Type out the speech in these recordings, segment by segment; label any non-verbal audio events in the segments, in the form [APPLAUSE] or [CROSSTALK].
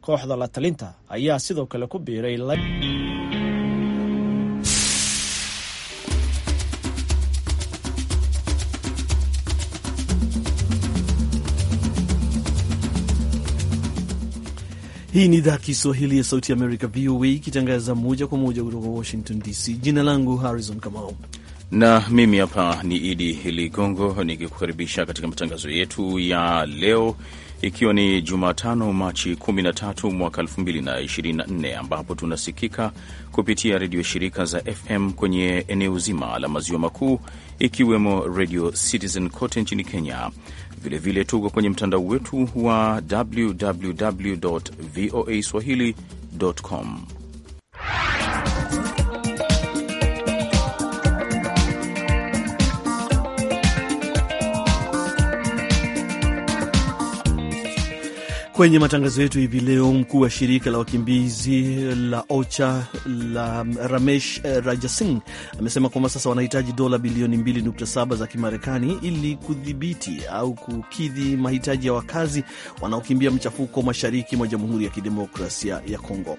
kooxda la talinta ayaa sidoo kale ku biiray Hii ni idhaa Kiswahili ya Sauti Amerika, VOA, ikitangaza moja kwa moja kutoka Washington DC. Jina langu Harrison Kamau na mimi hapa ni Idi Ligongo nikikukaribisha katika matangazo yetu ya leo ikiwa ni Jumatano Machi 13 mwaka 2024, ambapo tunasikika kupitia redio shirika za FM kwenye eneo zima la maziwa makuu ikiwemo Radio Citizen kote nchini Kenya. Vilevile tuko kwenye mtandao wetu wa www voa swahili.com. Kwenye matangazo yetu hivi leo, mkuu wa shirika la wakimbizi la OCHA la Ramesh eh, rajasing amesema kwamba sasa wanahitaji dola bilioni 2.7 za Kimarekani ili kudhibiti au kukidhi mahitaji ya wakazi wanaokimbia mchafuko mashariki mwa Jamhuri ya Kidemokrasia ya Kongo.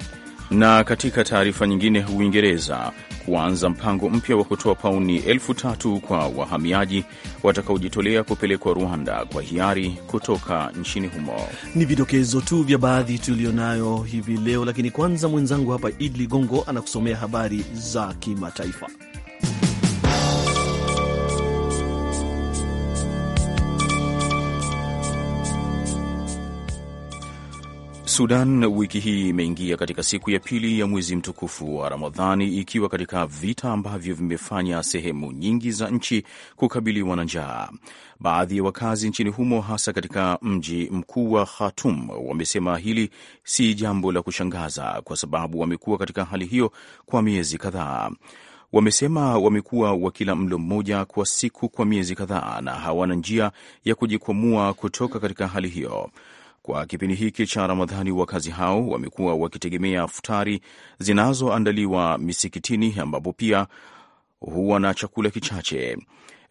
Na katika taarifa nyingine, Uingereza kuanza mpango mpya wa kutoa pauni elfu tatu kwa wahamiaji watakaojitolea kupelekwa Rwanda kwa hiari kutoka nchini humo. Ni vidokezo tu vya baadhi tuliyonayo hivi leo, lakini kwanza mwenzangu hapa Idli Gongo anakusomea habari za kimataifa. Sudan wiki hii imeingia katika siku ya pili ya mwezi mtukufu wa Ramadhani ikiwa katika vita ambavyo vimefanya sehemu nyingi za nchi kukabiliwa na njaa. Baadhi ya wakazi nchini humo, hasa katika mji mkuu wa Khartoum, wamesema hili si jambo la kushangaza kwa sababu wamekuwa katika hali hiyo kwa miezi kadhaa. Wamesema wamekuwa wakila mlo mmoja kwa siku kwa miezi kadhaa na hawana njia ya kujikwamua kutoka katika hali hiyo. Kwa kipindi hiki cha Ramadhani, wakazi hao wamekuwa wakitegemea futari zinazoandaliwa misikitini, ambapo pia huwa na chakula kichache.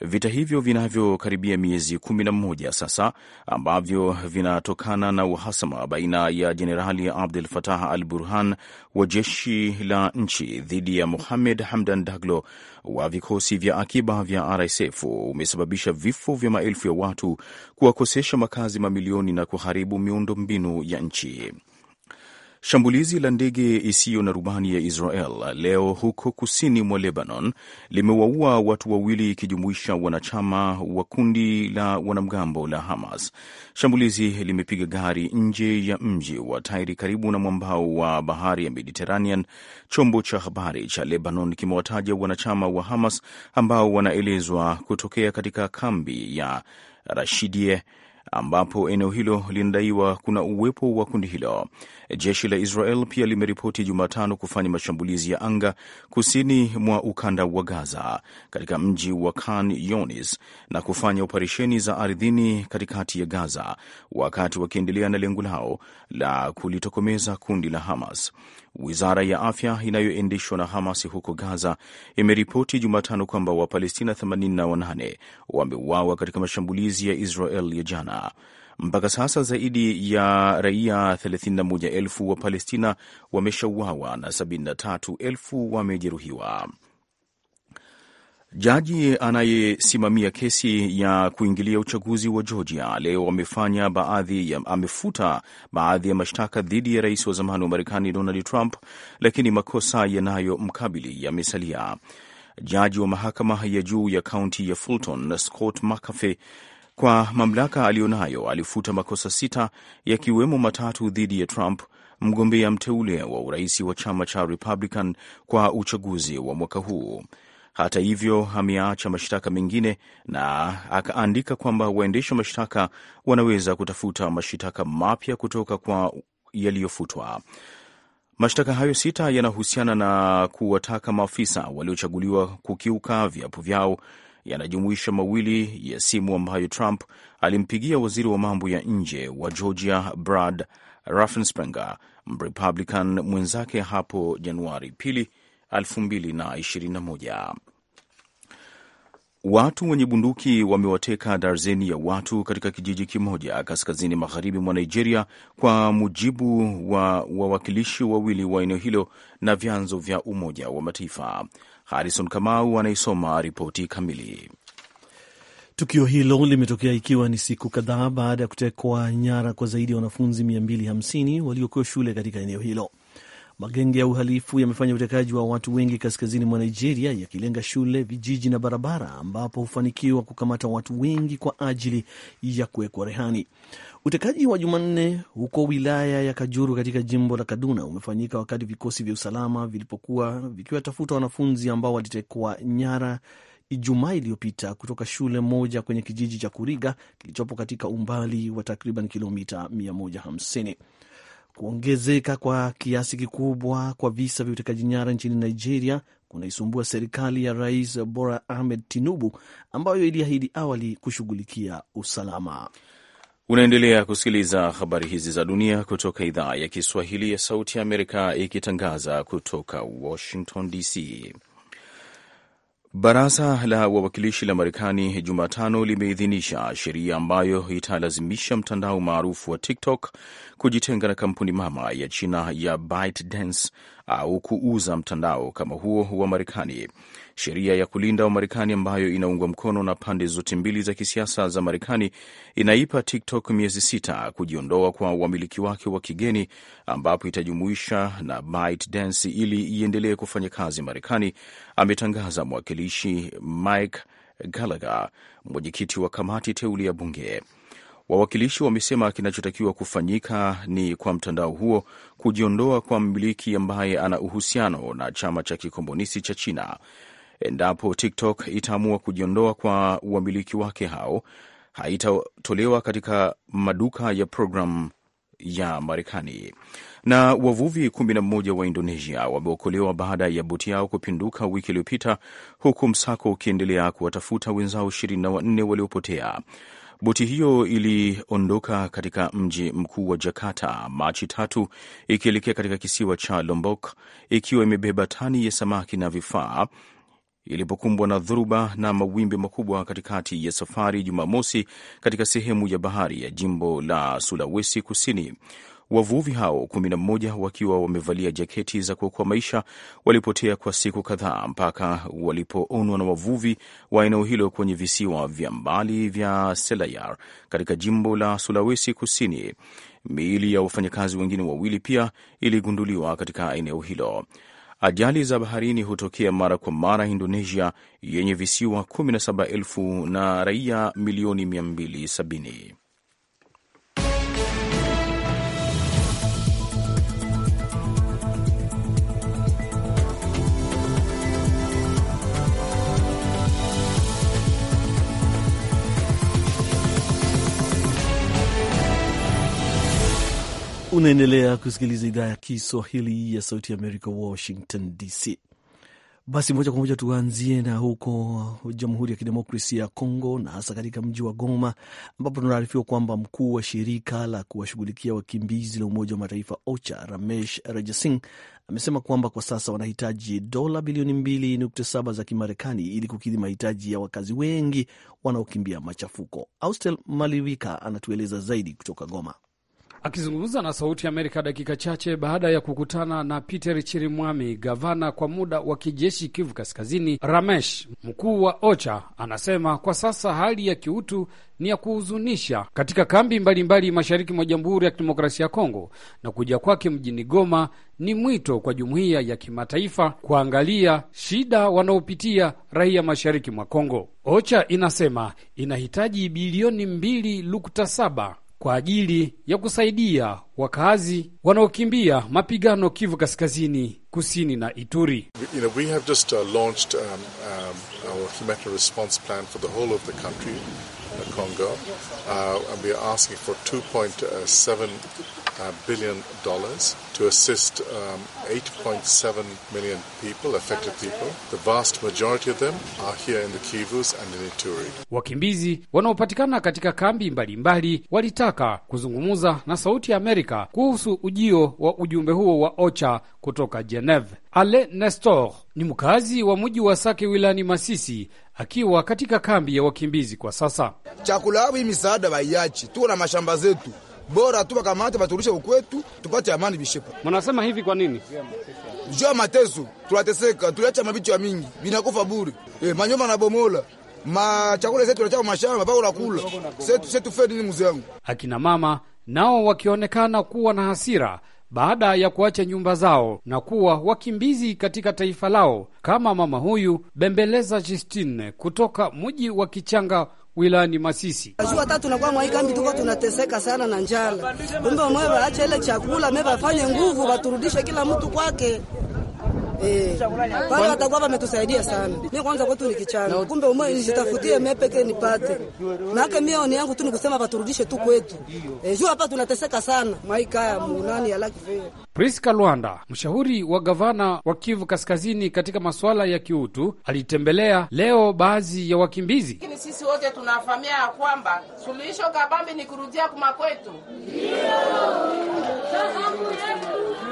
Vita hivyo vinavyokaribia miezi kumi na mmoja sasa, ambavyo vinatokana na uhasama baina ya Jenerali abdul fatah al Burhan wa jeshi la nchi dhidi ya Muhamed Hamdan Daglo wa vikosi vya akiba vya RSF umesababisha vifo vya maelfu ya watu, kuwakosesha makazi mamilioni na kuharibu miundo mbinu ya nchi. Shambulizi la ndege isiyo na rubani ya Israel leo huko kusini mwa Lebanon limewaua watu wawili ikijumuisha wanachama wa kundi la wanamgambo la Hamas. Shambulizi limepiga gari nje ya mji wa Tairi karibu na mwambao wa bahari ya Mediterranean. Chombo cha habari cha Lebanon kimewataja wanachama wa Hamas ambao wanaelezwa kutokea katika kambi ya Rashidie ambapo eneo hilo linadaiwa kuna uwepo wa kundi hilo. Jeshi la Israel pia limeripoti Jumatano kufanya mashambulizi ya anga kusini mwa ukanda wa Gaza katika mji wa Khan Yonis na kufanya operesheni za ardhini katikati ya Gaza, wakati wakiendelea na lengo lao la kulitokomeza kundi la Hamas. Wizara ya afya inayoendeshwa na Hamas huko Gaza imeripoti Jumatano kwamba Wapalestina 88 wameuawa katika mashambulizi ya Israel ya jana. Mpaka sasa zaidi ya raia 31,000 wa Palestina wameshauawa na 73,000 wamejeruhiwa. Jaji anayesimamia kesi ya kuingilia uchaguzi wa Georgia leo amefanya baadhi ya, amefuta baadhi ya mashtaka dhidi ya rais wa zamani wa Marekani Donald Trump, lakini makosa yanayomkabili yamesalia. Jaji wa mahakama ya juu ya kaunti ya Fulton Scott McAfee kwa mamlaka aliyonayo alifuta makosa sita yakiwemo matatu dhidi ya Trump, mgombea mteule wa urais wa chama cha Republican kwa uchaguzi wa mwaka huu. Hata hivyo, ameacha mashtaka mengine na akaandika kwamba waendesha mashtaka wanaweza kutafuta mashtaka mapya kutoka kwa yaliyofutwa. Mashtaka hayo sita yanahusiana na kuwataka maafisa waliochaguliwa kukiuka viapo vyao yanajumuisha mawili ya simu ambayo Trump alimpigia waziri wa mambo ya nje wa Georgia Brad Raffensperger, Mrepublican mwenzake hapo Januari pili 2021. Watu wenye bunduki wamewateka darzeni ya watu katika kijiji kimoja kaskazini magharibi mwa Nigeria, kwa mujibu wa wawakilishi wawili wa eneo hilo na vyanzo vya Umoja wa Mataifa. Harison Kamau anaisoma ripoti kamili. Tukio hilo limetokea ikiwa ni siku kadhaa baada ya kutekwa nyara kwa zaidi ya wanafunzi 250 waliokuwa shule katika eneo hilo. Magenge ya uhalifu yamefanya utekaji wa watu wengi kaskazini mwa Nigeria, yakilenga shule, vijiji na barabara, ambapo hufanikiwa kukamata watu wengi kwa ajili ya kuwekwa rehani. Utekaji wa Jumanne huko wilaya ya Kajuru katika jimbo la Kaduna umefanyika wakati vikosi vya usalama vilipokuwa vikiwatafuta wanafunzi ambao walitekwa nyara Ijumaa iliyopita kutoka shule moja kwenye kijiji cha Kuriga kilichopo katika umbali wa takriban kilomita 150. Kuongezeka kwa kiasi kikubwa kwa visa vya utekaji nyara nchini Nigeria kunaisumbua serikali ya Rais Bola Ahmed Tinubu ambayo iliahidi awali kushughulikia usalama. Unaendelea kusikiliza habari hizi za dunia kutoka idhaa ya Kiswahili ya Sauti ya Amerika ikitangaza kutoka Washington DC. Baraza la Wawakilishi la Marekani Jumatano limeidhinisha sheria ambayo italazimisha mtandao maarufu wa TikTok kujitenga na kampuni mama ya China ya ByteDance au kuuza mtandao kama huo wa Marekani. Sheria ya kulinda wa marekani ambayo inaungwa mkono na pande zote mbili za kisiasa za Marekani inaipa TikTok miezi sita kujiondoa kwa wamiliki wake wa kigeni, ambapo itajumuisha na ByteDance ili iendelee kufanya kazi Marekani, ametangaza mwakilishi Mike Gallagher, mwenyekiti wa kamati teuli ya bunge. Wawakilishi wamesema kinachotakiwa kufanyika ni kwa mtandao huo kujiondoa kwa mmiliki ambaye ana uhusiano na chama cha kikomunisti cha China. Endapo TikTok itaamua kujiondoa kwa wamiliki wake hao, haitatolewa katika maduka ya programu ya Marekani. Na wavuvi 11 wa Indonesia wameokolewa baada ya boti yao kupinduka wiki iliyopita, huku msako ukiendelea kuwatafuta wenzao 24 waliopotea. Boti hiyo iliondoka katika mji mkuu wa Jakarta Machi tatu ikielekea katika kisiwa cha Lombok ikiwa imebeba tani ya samaki na vifaa ilipokumbwa na dhoruba na mawimbi makubwa katikati ya safari Jumamosi katika sehemu ya bahari ya jimbo la Sulawesi Kusini. Wavuvi hao 11 wakiwa wamevalia jaketi za kuokoa maisha walipotea kwa siku kadhaa mpaka walipoonwa na wavuvi wa eneo hilo kwenye visiwa vya mbali vya Selayar katika jimbo la Sulawesi Kusini. Miili ya wafanyakazi wengine wawili pia iligunduliwa katika eneo hilo. Ajali za baharini hutokea mara kwa mara Indonesia yenye visiwa 17,000 na raia milioni 270. Unaendelea kusikiliza idhaa ya Kiswahili ya Sauti ya Amerika, Washington DC. Basi moja kwa moja tuanzie na huko Jamhuri ya Kidemokrasia ya Kongo, na hasa katika mji wa Goma ambapo tunaarifiwa kwamba mkuu wa shirika la kuwashughulikia wakimbizi la Umoja wa Mataifa OCHA Ramesh rajasing amesema kwamba kwa sasa wanahitaji dola bilioni 2.7 za Kimarekani ili kukidhi mahitaji ya wakazi wengi wanaokimbia machafuko. Austel Malivika anatueleza zaidi kutoka Goma. Akizungumza na Sauti ya Amerika dakika chache baada ya kukutana na Peter Chirimwami, gavana kwa muda wa kijeshi Kivu Kaskazini, Ramesh, mkuu wa OCHA, anasema kwa sasa hali ya kiutu ni ya kuhuzunisha katika kambi mbalimbali mbali mashariki mwa Jamhuri ya Kidemokrasia ya Kongo, na kuja kwake mjini Goma ni mwito kwa jumuiya ya kimataifa kuangalia shida wanaopitia raia mashariki mwa Kongo. OCHA inasema inahitaji bilioni mbili nukta saba kwa ajili ya kusaidia wakazi wanaokimbia mapigano Kivu Kaskazini, Kusini na Ituri. You know, uh, launched, um, um, for the whole of the uh, Congo. Uh, and we are asking for 2.7 Uh, billion dollars to assist um, 8.7 million people, affected people. The vast majority of them are here in the Kivus and in Ituri. Wakimbizi wanaopatikana katika kambi mbalimbali mbali, walitaka kuzungumza na Sauti ya Amerika kuhusu ujio wa ujumbe huo wa OCHA kutoka Geneve. Ale Nestor ni mkazi wa mji wa Sake wilani Masisi akiwa katika kambi ya wakimbizi kwa sasa. Chakula au misaada waiachi, tuko na mashamba zetu bora tu wakamate baturudishe ukwetu, tupate amani. Bishepo, mnasema hivi kwa nini? Jua mateso tulateseka tuliacha mabichi ya mingi vinakufa bure, e, eh, manyoma na bomola machakula zetu tunachaka mashamba bao la kula setu setu fedi ni mzee wangu. Akina mama nao wakionekana kuwa na hasira baada ya kuacha nyumba zao na kuwa wakimbizi katika taifa lao, kama mama huyu Bembeleza Justine kutoka mji wa Kichanga wilayani Masisi. Najua hata tunakuwa mwaikambi tuko tunateseka sana na njala, kumbe wamoya waache ile chakula me bafanye nguvu baturudishe kila mtu kwake. Eh, pale watakuwa wametusaidia sana. Mimi kwanza kwetu ni kichana. Kumbe umoja nijitafutie mimi peke nipate. Na Maana mimi oni yangu tu ni kusema baturudishe tu kwetu. Eh, jua hapa tunateseka sana. Maika ya munani ya lakife. Priska Lwanda, mshauri wa gavana wa Kivu Kaskazini katika masuala ya kiutu, alitembelea leo baadhi ya wakimbizi. Lakini sisi wote tunafahamia ya kwamba suluhisho kabambi ni kurudia kumakwetu,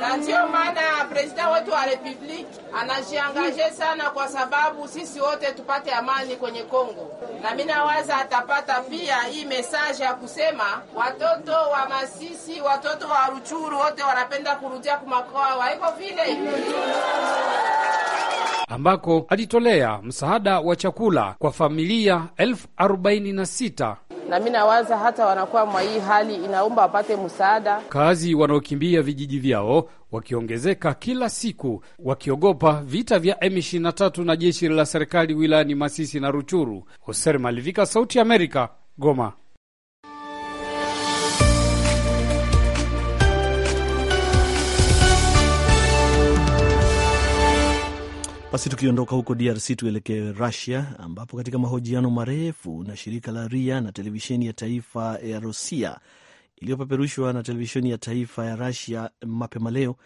na ndiyo maana presida wetu wa republiki anajiangaje sana, kwa sababu sisi wote tupate amani kwenye Kongo, na mi nawaza atapata pia hii mesaje ya kusema watoto wa Masisi, watoto wa Ruchuru wote wanapenda kuru kuvutia kumakoa waiko vile ambako alitolea msaada wa chakula kwa familia elfu arobaini na sita na mi nawaza hata wanakuwa mwa hii hali inaomba wapate msaada. Kazi wanaokimbia vijiji vyao wakiongezeka kila siku, wakiogopa vita vya M23 na jeshi la serikali wilayani Masisi na Ruchuru. Hoser Malivika, Sauti ya Amerika, Goma. Basi tukiondoka huko DRC tuelekee Rusia, ambapo katika mahojiano marefu na shirika la RIA na televisheni ya taifa ya Rusia iliyopeperushwa na televisheni ya taifa ya Rusia mapema leo,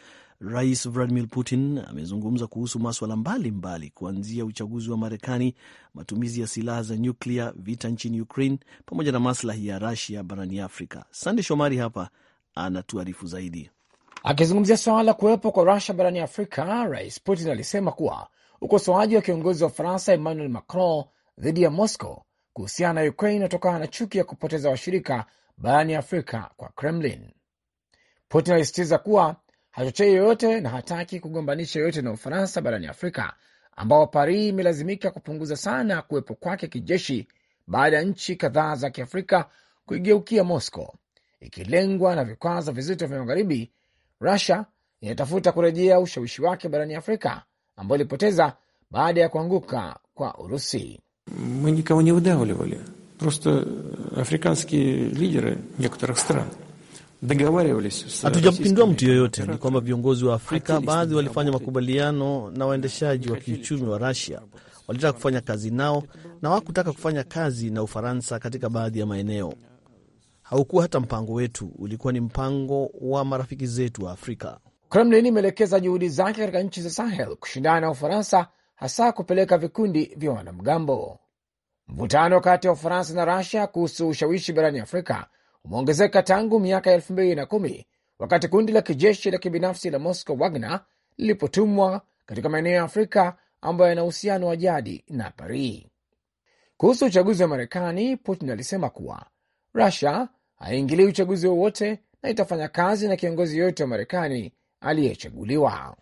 Rais Vladimir Putin amezungumza kuhusu maswala mbalimbali, kuanzia uchaguzi wa Marekani, matumizi ya silaha za nyuklia, vita nchini Ukraine, pamoja na maslahi ya rasia barani Afrika. Sande Shomari hapa anatuarifu zaidi. Akizungumzia suala la kuwepo kwa Rusia barani Afrika, Rais Putin alisema kuwa ukosoaji wa kiongozi wa Ufaransa Emmanuel Macron dhidi ya Moscow kuhusiana na Ukraine inatokana na chuki ya kupoteza washirika barani Afrika kwa Kremlin. Putin alisisitiza kuwa hachochei yoyote na hataki kugombanisha yoyote na Ufaransa barani Afrika, ambao Paris imelazimika kupunguza sana kuwepo kwake kijeshi baada ya nchi kadhaa za kiafrika kuigeukia Moscow, ikilengwa na vikwazo vizito vya Magharibi Rusia inatafuta kurejea ushawishi wake barani Afrika ambayo ilipoteza baada ya kuanguka kwa Urusi. Э, Hatujampindua mtu yoyote. Ni kwamba viongozi wa Afrika baadhi walifanya makubaliano na waendeshaji wa kiuchumi wa rasia walitaka kufanya kazi nao na wakutaka kufanya kazi na Ufaransa katika baadhi ya maeneo haukuwa hata mpango wetu, ulikuwa ni mpango wa marafiki zetu wa Afrika. Kremlin imeelekeza juhudi zake katika nchi za Sahel kushindana na Ufaransa, hasa kupeleka vikundi vya wanamgambo. Mvutano kati ya Ufaransa na Rasia kuhusu ushawishi barani Afrika umeongezeka tangu miaka ya elfu mbili na kumi wakati kundi la kijeshi la kibinafsi la Moscow Wagner lilipotumwa katika maeneo ya Afrika ambayo yana uhusiano wa jadi na Paris. Kuhusu uchaguzi wa Marekani, Putin alisema kuwa Rusia haiingilii uchaguzi wowote na itafanya kazi na kiongozi yoyote wa Marekani aliyechaguliwa.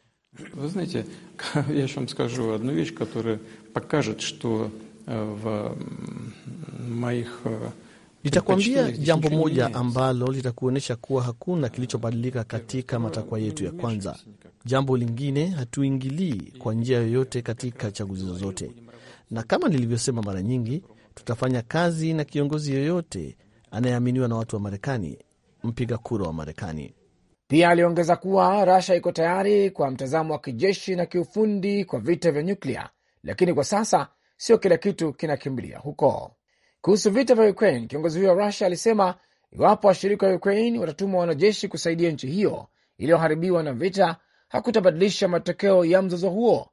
Nitakuambia [LAUGHS] э, э, jambo moja ambalo litakuonyesha kuwa hakuna kilichobadilika katika э, matakwa yetu ya kwanza. Jambo lingine, hatuingilii kwa njia yoyote katika chaguzi zozote, na kama nilivyosema mara nyingi, tutafanya kazi na kiongozi yoyote anayeaminiwa na watu wa Marekani, mpiga kura wa Marekani. Pia aliongeza kuwa Rasha iko tayari kwa mtazamo wa kijeshi na kiufundi kwa vita vya nyuklia, lakini kwa sasa sio kila kitu kinakimbilia huko. Kuhusu vita vya Ukraine, kiongozi huyo wa Rusia alisema iwapo washirika wa Ukraine watatuma wanajeshi kusaidia nchi hiyo iliyoharibiwa na vita, hakutabadilisha matokeo ya mzozo huo.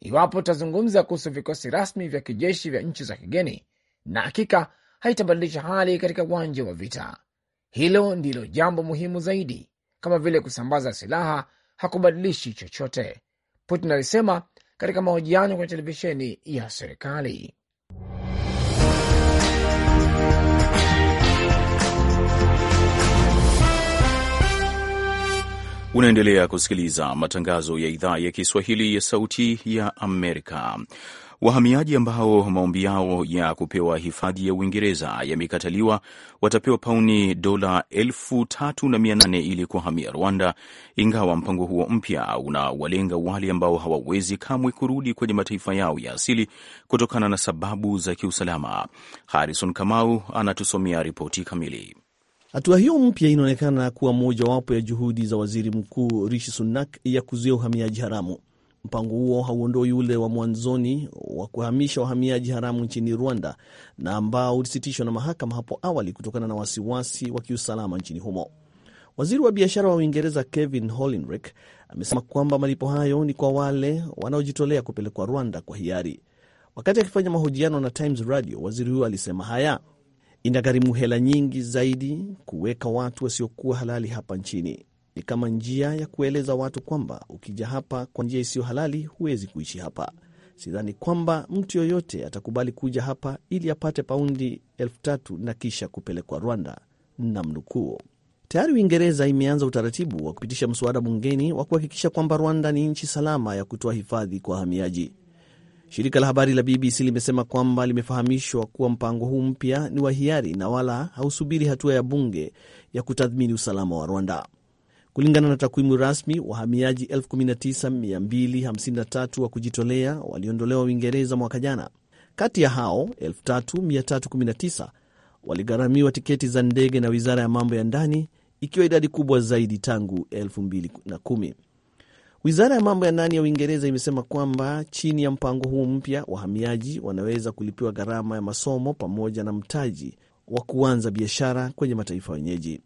Iwapo tutazungumza kuhusu vikosi rasmi vya kijeshi vya nchi za kigeni, na hakika haitabadilisha hali katika uwanja wa vita. Hilo ndilo jambo muhimu zaidi. Kama vile kusambaza silaha hakubadilishi chochote, Putin alisema katika mahojiano kwenye televisheni ya serikali. Unaendelea kusikiliza matangazo ya idhaa ya Kiswahili ya Sauti ya Amerika. Wahamiaji ambao maombi yao ya kupewa hifadhi ya Uingereza yamekataliwa watapewa pauni dola elfu tatu na mia nane ili kuhamia Rwanda, ingawa mpango huo mpya unawalenga wale ambao hawawezi kamwe kurudi kwenye mataifa yao ya asili kutokana na sababu za kiusalama. Harrison Kamau anatusomea ripoti kamili. Hatua hiyo mpya inaonekana kuwa mojawapo ya juhudi za waziri mkuu Rishi Sunak ya kuzuia uhamiaji haramu. Mpango huo hauondoi ule wa mwanzoni wa kuhamisha wahamiaji haramu nchini Rwanda na ambao ulisitishwa na mahakama hapo awali kutokana na wasiwasi wa kiusalama nchini humo. Waziri wa biashara wa Uingereza Kevin Holinrek amesema kwamba malipo hayo ni kwa wale wanaojitolea kupelekwa Rwanda kwa hiari. Wakati akifanya mahojiano na Times Radio, waziri huyo alisema haya inagharimu hela nyingi zaidi kuweka watu wasiokuwa halali hapa nchini ni kama njia ya kueleza watu kwamba ukija hapa kwa njia isiyo halali huwezi kuishi hapa. Sidhani kwamba mtu yoyote atakubali kuja hapa ili apate paundi elfu tatu na kisha kupelekwa Rwanda, namnukuu. Tayari Uingereza imeanza utaratibu wa kupitisha mswada bungeni wa kuhakikisha kwamba Rwanda ni nchi salama ya kutoa hifadhi kwa wahamiaji. Shirika la habari la BBC limesema kwamba limefahamishwa kuwa mpango huu mpya ni wa hiari na wala hausubiri hatua ya bunge ya kutathmini usalama wa Rwanda. Kulingana na takwimu rasmi, wahamiaji 19253 wa kujitolea waliondolewa Uingereza mwaka jana. Kati ya hao 3319 waligharamiwa tiketi za ndege na wizara ya mambo ya ndani, ikiwa idadi kubwa zaidi tangu 2010. Wizara ya mambo ya ndani ya Uingereza imesema kwamba chini ya mpango huo mpya, wahamiaji wanaweza kulipiwa gharama ya masomo pamoja na mtaji wa kuanza biashara kwenye mataifa wenyeji.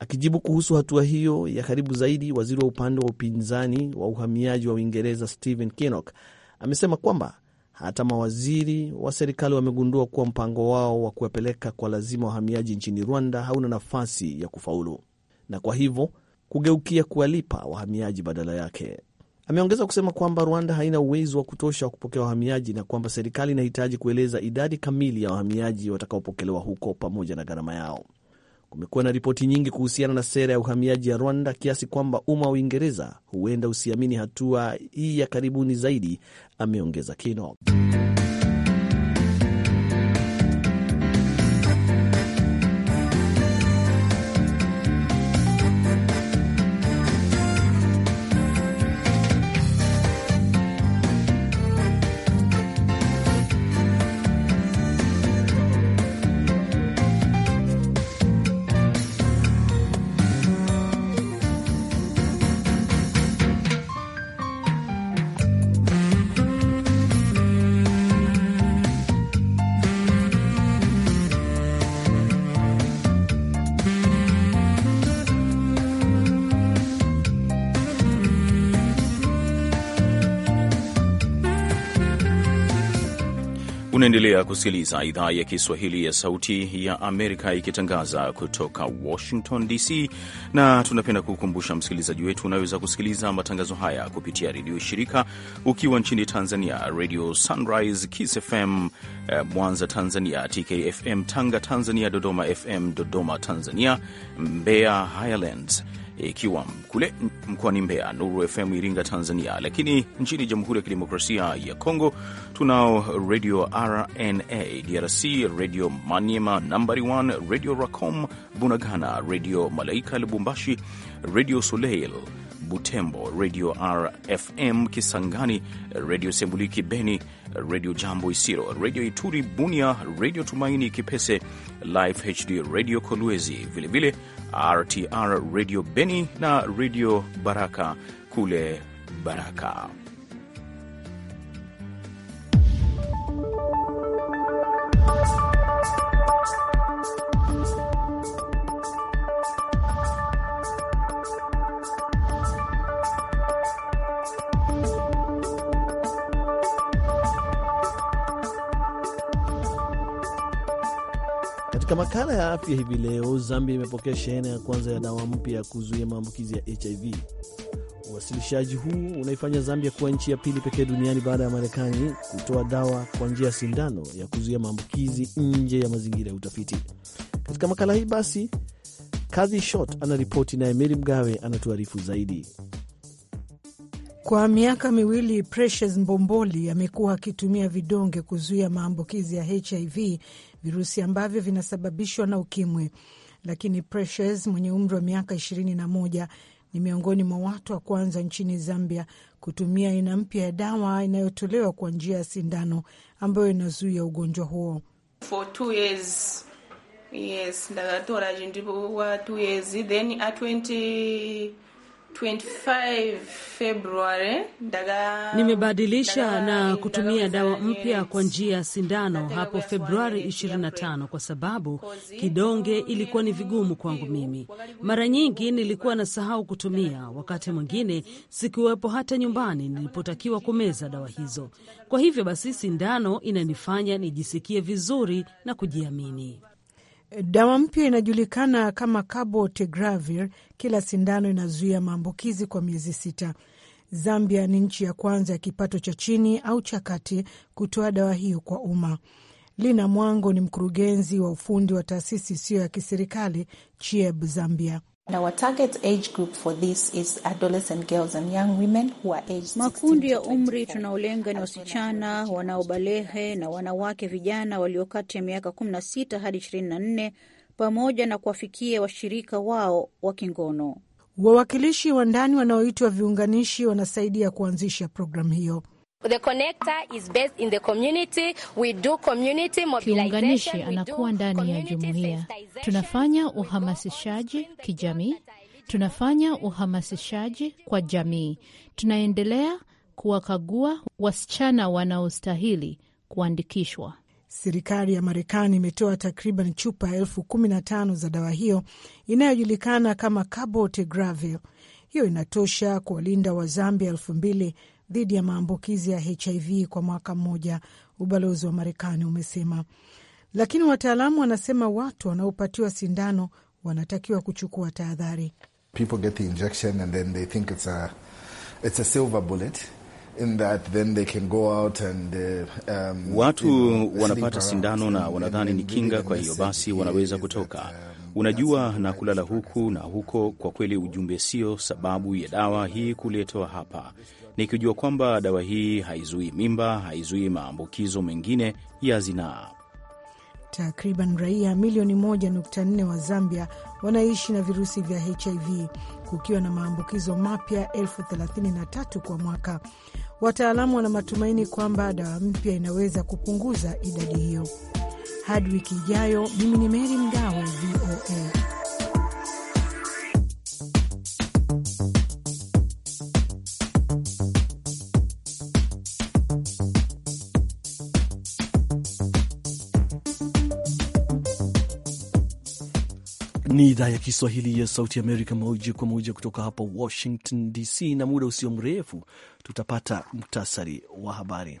Akijibu kuhusu hatua hiyo ya karibu zaidi, waziri wa upande wa upinzani wa uhamiaji wa Uingereza Stephen Kinnock amesema kwamba hata mawaziri wa serikali wamegundua kuwa mpango wao wa kuwapeleka kwa lazima wahamiaji nchini Rwanda hauna nafasi ya kufaulu na kwa hivyo kugeukia kuwalipa wahamiaji badala yake. Ameongeza kusema kwamba Rwanda haina uwezo wa kutosha wa kupokea wahamiaji na kwamba serikali inahitaji kueleza idadi kamili ya wahamiaji watakaopokelewa huko pamoja na gharama yao. Kumekuwa na ripoti nyingi kuhusiana na sera ya uhamiaji ya Rwanda kiasi kwamba umma wa Uingereza huenda usiamini hatua hii ya karibuni zaidi, ameongeza kino Unaendelea kusikiliza idhaa ya Kiswahili ya Sauti ya Amerika ikitangaza kutoka Washington DC, na tunapenda kukumbusha msikilizaji wetu, unaweza kusikiliza matangazo haya kupitia redio shirika. Ukiwa nchini Tanzania, Radio Sunrise, Kiss FM eh, Mwanza Tanzania, TKFM Tanga Tanzania, Dodoma FM Dodoma Tanzania, Mbeya Highlands ikiwa e, kule mkoani Mbeya, Nuru FM Iringa, Tanzania. Lakini nchini Jamhuri ya Kidemokrasia ya Kongo tunao Radio RNA DRC, Radio Maniema nambari 1, Radio Racom Bunagana, Radio Malaika Lubumbashi, Radio Soleil Butembo, Radio RFM Kisangani, Radio Sembuliki Beni, Radio Jambo Isiro, Radio Ituri Bunia, Radio Tumaini Kipese, Live HD Radio Kolwezi, vilevile RTR Radio Beni na Radio Baraka kule Baraka. Katika makala ya afya hivi leo, Zambia imepokea shehena ya kwanza ya dawa mpya ya kuzuia maambukizi ya HIV. Uwasilishaji huu unaifanya Zambia kuwa nchi ya pili pekee duniani baada ya Marekani kutoa dawa kwa njia ya sindano ya kuzuia maambukizi nje ya mazingira ya utafiti. Katika makala hii basi, Kazi Shot anaripoti naye Meri Mgawe anatuarifu zaidi. Kwa miaka miwili Precious Mbomboli amekuwa akitumia vidonge kuzuia maambukizi ya HIV virusi ambavyo vinasababishwa na ukimwi. Lakini Precious mwenye umri wa miaka ishirini na moja ni miongoni mwa watu wa kwanza nchini Zambia kutumia aina mpya ya dawa inayotolewa kwa njia ya sindano ambayo inazuia ugonjwa huo. 25 Februari, daga nimebadilisha daga, na kutumia dawa mpya kwa njia ya sindano hapo Februari 25 kwa sababu kidonge ilikuwa ni vigumu kwangu mimi. Mara nyingi nilikuwa nasahau kutumia, wakati mwingine sikiwepo hata nyumbani nilipotakiwa kumeza dawa hizo. Kwa hivyo basi, sindano inanifanya nijisikie vizuri na kujiamini. Dawa mpya inajulikana kama cabotegravir. Kila sindano inazuia maambukizi kwa miezi sita. Zambia ni nchi ya kwanza ya kipato cha chini au cha kati kutoa dawa hiyo kwa umma. Lina Mwango ni mkurugenzi wa ufundi wa taasisi isiyo ya kiserikali CHIEB Zambia. Makundi ya umri tunaolenga ni wasichana wanaobalehe na wanawake vijana walio kati ya miaka 16 hadi 24 pamoja na kuwafikia washirika wao wa kingono. Wawakilishi wa ndani wanaoitwa viunganishi wanasaidia kuanzisha programu hiyo. Kiunganishi anakuwa ndani ya jumuiya. Tunafanya uhamasishaji kijamii, tunafanya uhamasishaji kwa jamii, tunaendelea kuwakagua wasichana wanaostahili kuandikishwa. Serikali ya Marekani imetoa takriban chupa elfu kumi na tano za dawa hiyo inayojulikana kama Cabotegravir. Hiyo inatosha kuwalinda Wazambia elfu mbili dhidi ya maambukizi ya HIV kwa mwaka mmoja, ubalozi wa Marekani umesema. Lakini wataalamu wanasema watu wanaopatiwa sindano wanatakiwa kuchukua tahadhari. Watu wanapata sindano na wanadhani ni kinga, kwa hiyo basi wanaweza kutoka uh, Unajua, na kulala huku na huko. Kwa kweli, ujumbe sio sababu ya dawa hii kuletwa hapa, nikijua kwamba dawa hii haizuii mimba, haizuii maambukizo mengine ya zinaa. Takriban raia milioni 1.4 wa Zambia wanaishi na virusi vya HIV kukiwa na maambukizo mapya elfu 33 kwa mwaka. Wataalamu wana matumaini kwamba dawa mpya inaweza kupunguza idadi hiyo. Hadi wiki ijayo, mimi ni Meri Mgawe. VOA. Mm, mm. Ni idhaa ya Kiswahili ya Sauti Amerika, moja kwa moja kutoka hapa Washington DC, na muda usio mrefu tutapata muktasari wa habari.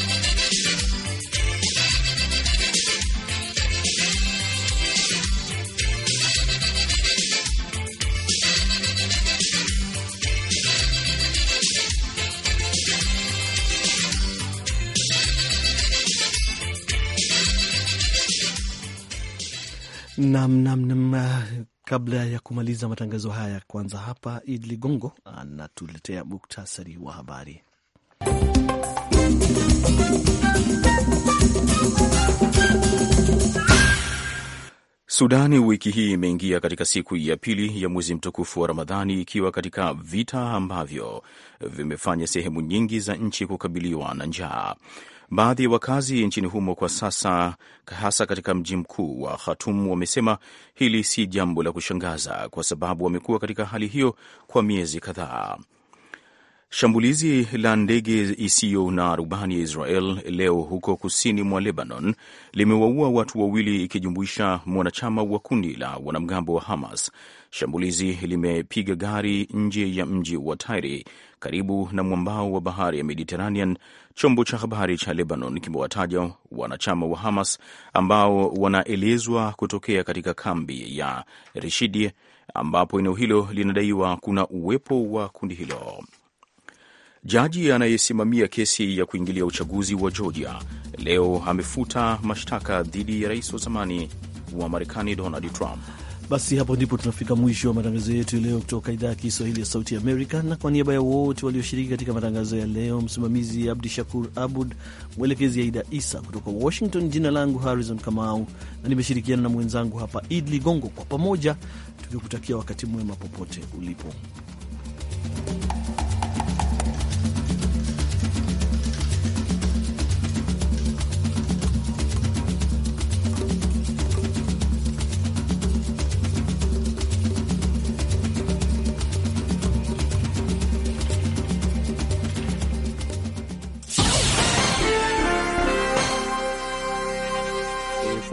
nam nam. Uh, kabla ya kumaliza matangazo haya, kwanza hapa id Ligongo anatuletea muktasari wa habari. Sudani wiki hii imeingia katika siku ya pili ya mwezi mtukufu wa Ramadhani ikiwa katika vita ambavyo vimefanya sehemu nyingi za nchi kukabiliwa na njaa. Baadhi ya wakazi nchini humo kwa sasa, hasa katika mji mkuu wa Khartoum, wamesema hili si jambo la kushangaza kwa sababu wamekuwa katika hali hiyo kwa miezi kadhaa. Shambulizi la ndege isiyo na rubani ya Israel leo huko kusini mwa Lebanon limewaua watu wawili ikijumuisha mwanachama wa kundi la wanamgambo wa Hamas. Shambulizi limepiga gari nje ya mji wa Tairi karibu na mwambao wa bahari ya Mediterranean Chombo cha habari cha Lebanon kimewataja wanachama wa Hamas ambao wanaelezwa kutokea katika kambi ya Rishidi, ambapo eneo hilo linadaiwa kuna uwepo wa kundi hilo. Jaji anayesimamia kesi ya kuingilia uchaguzi wa Georgia leo amefuta mashtaka dhidi ya rais wa zamani wa Marekani Donald Trump basi hapo ndipo tunafika mwisho wa matangazo yetu leo kutoka idhaa ya Kiswahili ya Sauti Amerika, na kwa niaba ya wote walioshiriki katika matangazo ya leo, msimamizi Abdi Shakur Abud, mwelekezi Aida Isa kutoka Washington. Jina langu Harrison Kamau na nimeshirikiana na mwenzangu hapa Id Ligongo, kwa pamoja tukikutakia wakati mwema popote ulipo.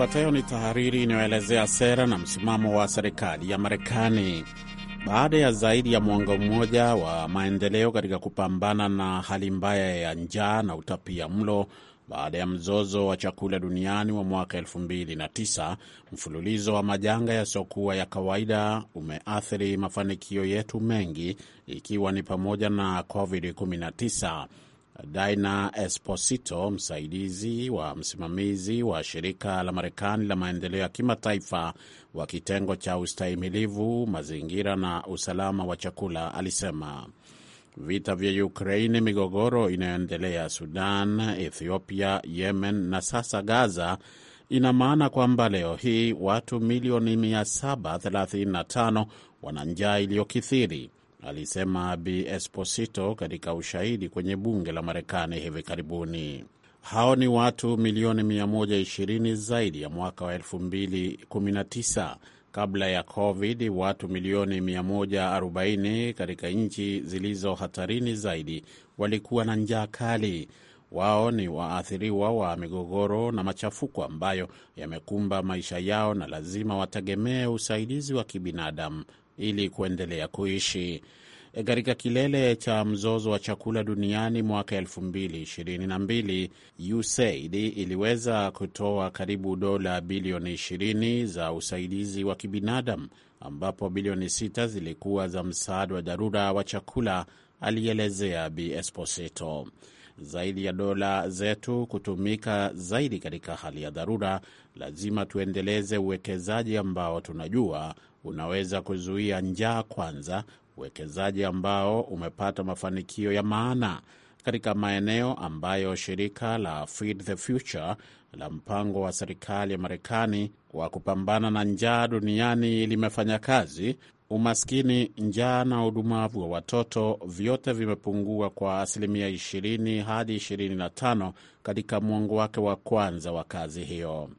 Ifuatayo ni tahariri inayoelezea sera na msimamo wa serikali ya Marekani. Baada ya zaidi ya mwongo mmoja wa maendeleo katika kupambana na hali mbaya ya njaa na utapia mlo baada ya mzozo wa chakula duniani wa mwaka 2009, mfululizo wa majanga yasiyokuwa ya kawaida umeathiri mafanikio yetu mengi, ikiwa ni pamoja na COVID-19. Dina Esposito, msaidizi wa msimamizi wa shirika la Marekani la maendeleo ya kimataifa wa kitengo cha ustahimilivu, mazingira na usalama wa chakula, alisema vita vya Ukraini, migogoro inayoendelea Sudan, Ethiopia, Yemen na sasa Gaza ina maana kwamba leo hii watu milioni 735 wana njaa iliyokithiri alisema Bi Esposito katika ushahidi kwenye bunge la Marekani hivi karibuni. Hao ni watu milioni 120 zaidi ya mwaka wa 2019 kabla ya COVID, watu milioni 140 katika nchi zilizo hatarini zaidi walikuwa na njaa kali. Wao ni waathiriwa wa migogoro na machafuko ambayo yamekumba maisha yao na lazima wategemee usaidizi wa kibinadamu ili kuendelea kuishi. E, katika kilele cha mzozo wa chakula duniani mwaka 2022 USAID iliweza kutoa karibu dola bilioni 20 za usaidizi wa kibinadamu, ambapo bilioni 6 zilikuwa za msaada wa dharura wa chakula, alielezea Bi Esposito. Zaidi ya dola zetu kutumika zaidi katika hali ya dharura, lazima tuendeleze uwekezaji ambao tunajua unaweza kuzuia njaa kwanza, uwekezaji ambao umepata mafanikio ya maana katika maeneo ambayo shirika la Feed the Future la mpango wa serikali ya Marekani wa kupambana na njaa duniani limefanya kazi. Umaskini, njaa na udumavu wa watoto vyote vimepungua kwa asilimia 20 hadi 25 katika mwongo wake wa kwanza wa kazi hiyo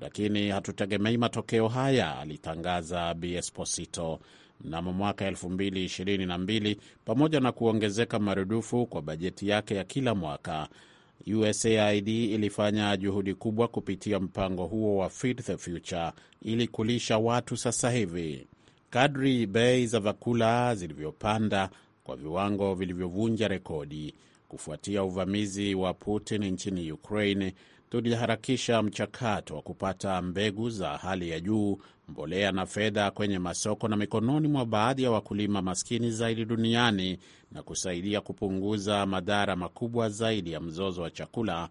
lakini hatutegemei matokeo haya, alitangaza Bi Esposito mnamo mwaka 2022 pamoja na kuongezeka marudufu kwa bajeti yake ya kila mwaka. USAID ilifanya juhudi kubwa kupitia mpango huo wa Feed the Future ili kulisha watu sasa hivi. Kadri bei za vyakula zilivyopanda kwa viwango vilivyovunja rekodi kufuatia uvamizi wa Putin nchini Ukraine tuliharakisha mchakato wa kupata mbegu za hali ya juu, mbolea na fedha kwenye masoko na mikononi mwa baadhi ya wakulima maskini zaidi duniani na kusaidia kupunguza madhara makubwa zaidi ya mzozo wa chakula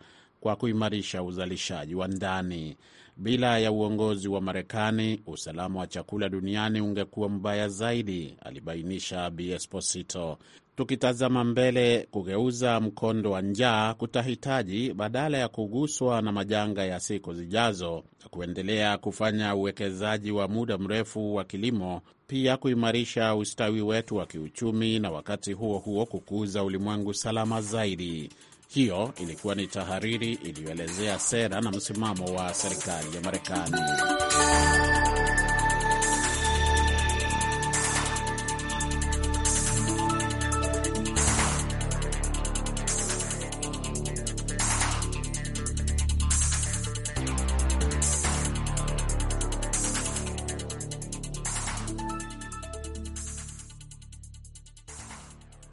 kwa kuimarisha uzalishaji wa ndani. Bila ya uongozi wa Marekani, usalama wa chakula duniani ungekuwa mbaya zaidi, alibainisha Bi Esposito. Tukitazama mbele, kugeuza mkondo wa njaa kutahitaji, badala ya kuguswa na majanga ya siku zijazo, na kuendelea kufanya uwekezaji wa muda mrefu wa kilimo, pia kuimarisha ustawi wetu wa kiuchumi, na wakati huo huo kukuza ulimwengu salama zaidi. Hiyo ilikuwa ni tahariri iliyoelezea sera na msimamo wa serikali ya Marekani.